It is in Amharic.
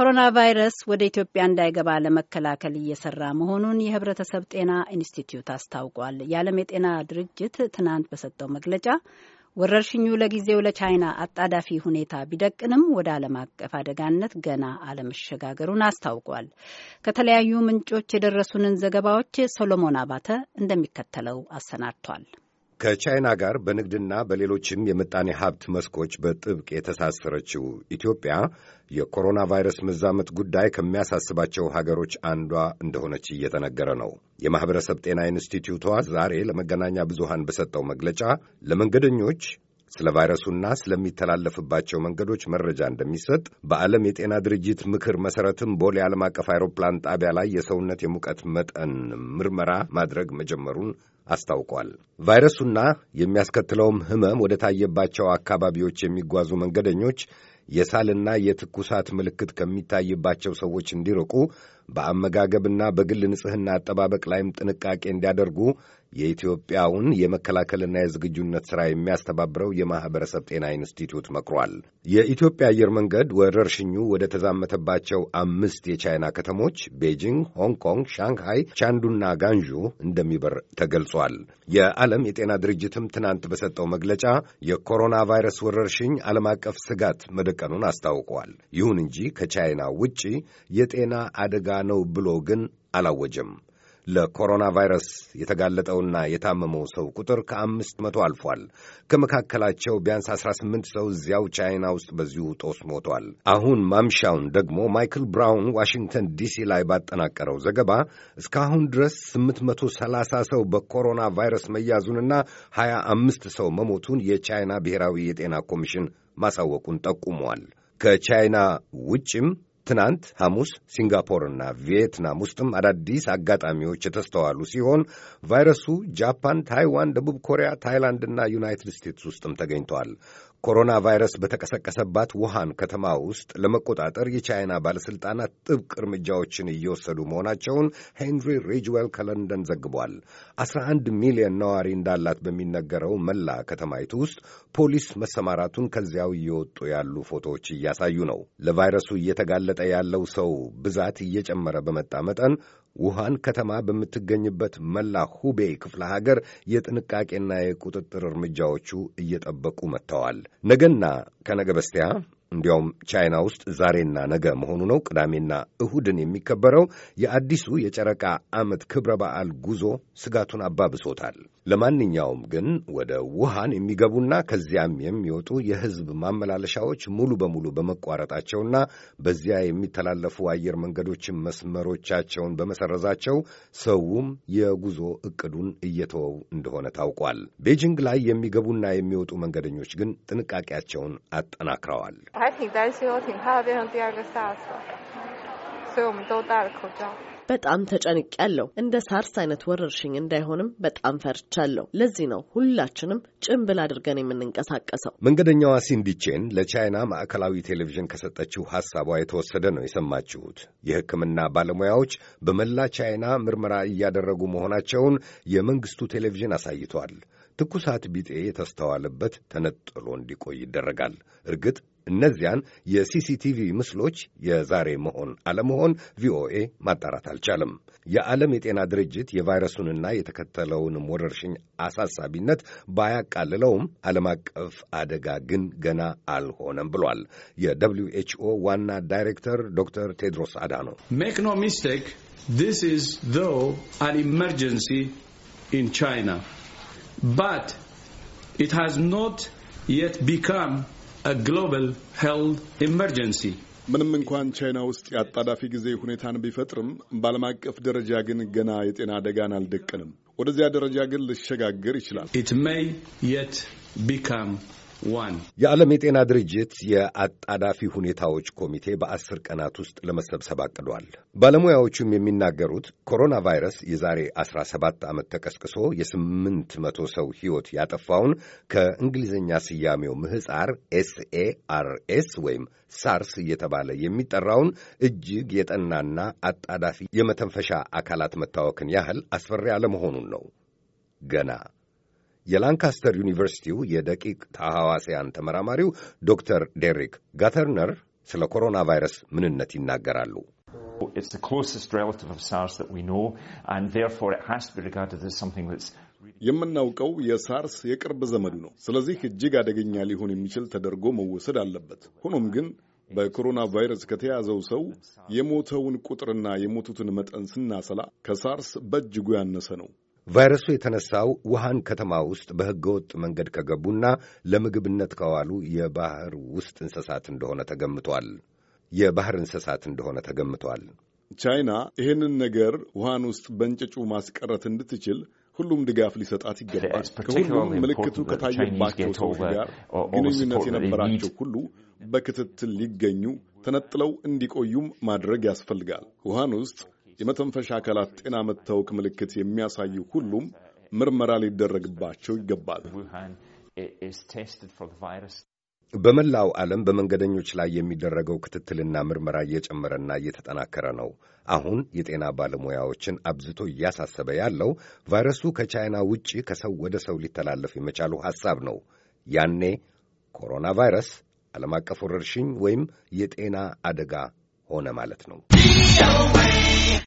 ኮሮና ቫይረስ ወደ ኢትዮጵያ እንዳይገባ ለመከላከል እየሰራ መሆኑን የሕብረተሰብ ጤና ኢንስቲትዩት አስታውቋል። የዓለም የጤና ድርጅት ትናንት በሰጠው መግለጫ ወረርሽኙ ለጊዜው ለቻይና አጣዳፊ ሁኔታ ቢደቅንም ወደ ዓለም አቀፍ አደጋነት ገና አለመሸጋገሩን አስታውቋል። ከተለያዩ ምንጮች የደረሱንን ዘገባዎች ሶሎሞን አባተ እንደሚከተለው አሰናድቷል። ከቻይና ጋር በንግድና በሌሎችም የምጣኔ ሀብት መስኮች በጥብቅ የተሳሰረችው ኢትዮጵያ የኮሮና ቫይረስ መዛመት ጉዳይ ከሚያሳስባቸው ሀገሮች አንዷ እንደሆነች እየተነገረ ነው። የማኅበረሰብ ጤና ኢንስቲትዩቷ ዛሬ ለመገናኛ ብዙሃን በሰጠው መግለጫ ለመንገደኞች ስለ ቫይረሱና ስለሚተላለፍባቸው መንገዶች መረጃ እንደሚሰጥ በዓለም የጤና ድርጅት ምክር መሰረትም ቦሌ ዓለም አቀፍ አውሮፕላን ጣቢያ ላይ የሰውነት የሙቀት መጠን ምርመራ ማድረግ መጀመሩን አስታውቋል። ቫይረሱና የሚያስከትለውም ህመም ወደ ታየባቸው አካባቢዎች የሚጓዙ መንገደኞች የሳልና የትኩሳት ምልክት ከሚታይባቸው ሰዎች እንዲርቁ በአመጋገብና በግል ንጽሕና አጠባበቅ ላይም ጥንቃቄ እንዲያደርጉ የኢትዮጵያውን የመከላከልና የዝግጁነት ሥራ የሚያስተባብረው የማኅበረሰብ ጤና ኢንስቲትዩት መክሯል። የኢትዮጵያ አየር መንገድ ወረርሽኙ ወደ ተዛመተባቸው አምስት የቻይና ከተሞች ቤጂንግ፣ ሆንግ ኮንግ፣ ሻንግሃይ፣ ቻንዱና ጋንዡ እንደሚበር ተገልጿል። የዓለም የጤና ድርጅትም ትናንት በሰጠው መግለጫ የኮሮና ቫይረስ ወረርሽኝ ዓለም አቀፍ ስጋት መደ ቀኑን አስታውቀዋል። ይሁን እንጂ ከቻይና ውጪ የጤና አደጋ ነው ብሎ ግን አላወጀም። ለኮሮና ቫይረስ የተጋለጠውና የታመመው ሰው ቁጥር ከአምስት መቶ አልፏል። ከመካከላቸው ቢያንስ 18 ሰው እዚያው ቻይና ውስጥ በዚሁ ጦስ ሞቷል። አሁን ማምሻውን ደግሞ ማይክል ብራውን ዋሽንግተን ዲሲ ላይ ባጠናቀረው ዘገባ እስካሁን ድረስ 830 ሰው በኮሮና ቫይረስ መያዙንና 25 ሰው መሞቱን የቻይና ብሔራዊ የጤና ኮሚሽን ማሳወቁን ጠቁሟል። ከቻይና ውጭም ትናንት ሐሙስ ሲንጋፖርና ቪየትናም ውስጥም አዳዲስ አጋጣሚዎች የተስተዋሉ ሲሆን ቫይረሱ ጃፓን፣ ታይዋን፣ ደቡብ ኮሪያ፣ ታይላንድና ዩናይትድ ስቴትስ ውስጥም ተገኝቷል። ኮሮና ቫይረስ በተቀሰቀሰባት ውሃን ከተማ ውስጥ ለመቆጣጠር የቻይና ባለሥልጣናት ጥብቅ እርምጃዎችን እየወሰዱ መሆናቸውን ሄንሪ ሪጅዌል ከለንደን ዘግቧል። 11 ሚሊዮን ነዋሪ እንዳላት በሚነገረው መላ ከተማይቱ ውስጥ ፖሊስ መሰማራቱን ከዚያው እየወጡ ያሉ ፎቶዎች እያሳዩ ነው። ለቫይረሱ እየተጋለጠ ያለው ሰው ብዛት እየጨመረ በመጣ መጠን ውሃን ከተማ በምትገኝበት መላ ሁቤይ ክፍለ ሀገር የጥንቃቄና የቁጥጥር እርምጃዎቹ እየጠበቁ መጥተዋል። ነገና ከነገ በስቲያ እንዲያውም ቻይና ውስጥ ዛሬና ነገ መሆኑ ነው ቅዳሜና እሁድን የሚከበረው የአዲሱ የጨረቃ ዓመት ክብረ በዓል ጉዞ ስጋቱን አባብሶታል። ለማንኛውም ግን ወደ ውሃን የሚገቡና ከዚያም የሚወጡ የሕዝብ ማመላለሻዎች ሙሉ በሙሉ በመቋረጣቸውና በዚያ የሚተላለፉ አየር መንገዶችን መስመሮቻቸውን በመሰረዛቸው ሰውም የጉዞ እቅዱን እየተወው እንደሆነ ታውቋል። ቤጂንግ ላይ የሚገቡና የሚወጡ መንገደኞች ግን ጥንቃቄያቸውን አጠናክረዋል። 我还挺担心，我挺怕变成第二个 SARS，所以我们都戴了口罩。በጣም ተጨንቄያለሁ። እንደ ሳርስ አይነት ወረርሽኝ እንዳይሆንም በጣም ፈርቻለሁ። ለዚህ ነው ሁላችንም ጭንብል አድርገን የምንንቀሳቀሰው። መንገደኛዋ ሲንዲቼን ለቻይና ማዕከላዊ ቴሌቪዥን ከሰጠችው ሐሳቧ የተወሰደ ነው የሰማችሁት። የሕክምና ባለሙያዎች በመላ ቻይና ምርመራ እያደረጉ መሆናቸውን የመንግስቱ ቴሌቪዥን አሳይቷል። ትኩሳት ቢጤ የተስተዋለበት ተነጥሎ እንዲቆይ ይደረጋል። እርግጥ እነዚያን የሲሲቲቪ ምስሎች የዛሬ መሆን አለመሆን ቪኦኤ ማጣራት አልቻለም። የዓለም የጤና ድርጅት የቫይረሱንና የተከተለውንም ወረርሽኝ አሳሳቢነት ባያቃልለውም ዓለም አቀፍ አደጋ ግን ገና አልሆነም ብሏል። የደብሊው ኤችኦ ዋና ዳይሬክተር ዶክተር ቴድሮስ አዳኖ ሜክ ኖ ሚስቴክ ኢዝ አን ኢመርጀንሲ ኢን ቻይና but it has not yet become a global health emergency. ምንም እንኳን ቻይና ውስጥ የአጣዳፊ ጊዜ ሁኔታን ቢፈጥርም በዓለም አቀፍ ደረጃ ግን ገና የጤና አደጋን አልደቀንም። ወደዚያ ደረጃ ግን ሊሸጋገር ይችላል። ኢት ሜይ የት ቢካም የዓለም የጤና ድርጅት የአጣዳፊ ሁኔታዎች ኮሚቴ በአስር ቀናት ውስጥ ለመሰብሰብ አቅዷል። ባለሙያዎቹም የሚናገሩት ኮሮና ቫይረስ የዛሬ 17 ዓመት ተቀስቅሶ የስምንት መቶ ሰው ሕይወት ያጠፋውን ከእንግሊዝኛ ስያሜው ምህፃር ኤስኤአርኤስ ወይም ሳርስ እየተባለ የሚጠራውን እጅግ የጠናና አጣዳፊ የመተንፈሻ አካላት መታወክን ያህል አስፈሪ አለመሆኑን ነው ገና የላንካስተር ዩኒቨርሲቲው የደቂቅ ተሐዋስያን ተመራማሪው ዶክተር ዴሪክ ጋተርነር ስለ ኮሮና ቫይረስ ምንነት ይናገራሉ። የምናውቀው የሳርስ የቅርብ ዘመዱ ነው። ስለዚህ እጅግ አደገኛ ሊሆን የሚችል ተደርጎ መወሰድ አለበት። ሆኖም ግን በኮሮና ቫይረስ ከተያዘው ሰው የሞተውን ቁጥርና የሞቱትን መጠን ስናሰላ ከሳርስ በእጅጉ ያነሰ ነው። ቫይረሱ የተነሳው ውሃን ከተማ ውስጥ ወጥ መንገድ ከገቡና ለምግብነት ከዋሉ የባህር ውስጥ እንስሳት እንደሆነ ተገምቷል የባህር እንስሳት እንደሆነ ተገምቷል። ቻይና ይህንን ነገር ውሃን ውስጥ በእንጭጩ ማስቀረት እንድትችል ሁሉም ድጋፍ ሊሰጣት ይገባል። ከሁሉም ምልክቱ ከታየባቸው ሰዎች ጋር ግንኙነት የነበራቸው ሁሉ በክትትል ሊገኙ ተነጥለው እንዲቆዩም ማድረግ ያስፈልጋል። ውሃን ውስጥ የመተንፈሻ አካላት ጤና መታወክ ምልክት የሚያሳዩ ሁሉም ምርመራ ሊደረግባቸው ይገባል። በመላው ዓለም በመንገደኞች ላይ የሚደረገው ክትትልና ምርመራ እየጨመረና እየተጠናከረ ነው። አሁን የጤና ባለሙያዎችን አብዝቶ እያሳሰበ ያለው ቫይረሱ ከቻይና ውጪ ከሰው ወደ ሰው ሊተላለፍ የመቻሉ ሐሳብ ነው። ያኔ ኮሮና ቫይረስ ዓለም አቀፍ ወረርሽኝ ወይም የጤና አደጋ ሆነ ማለት ነው።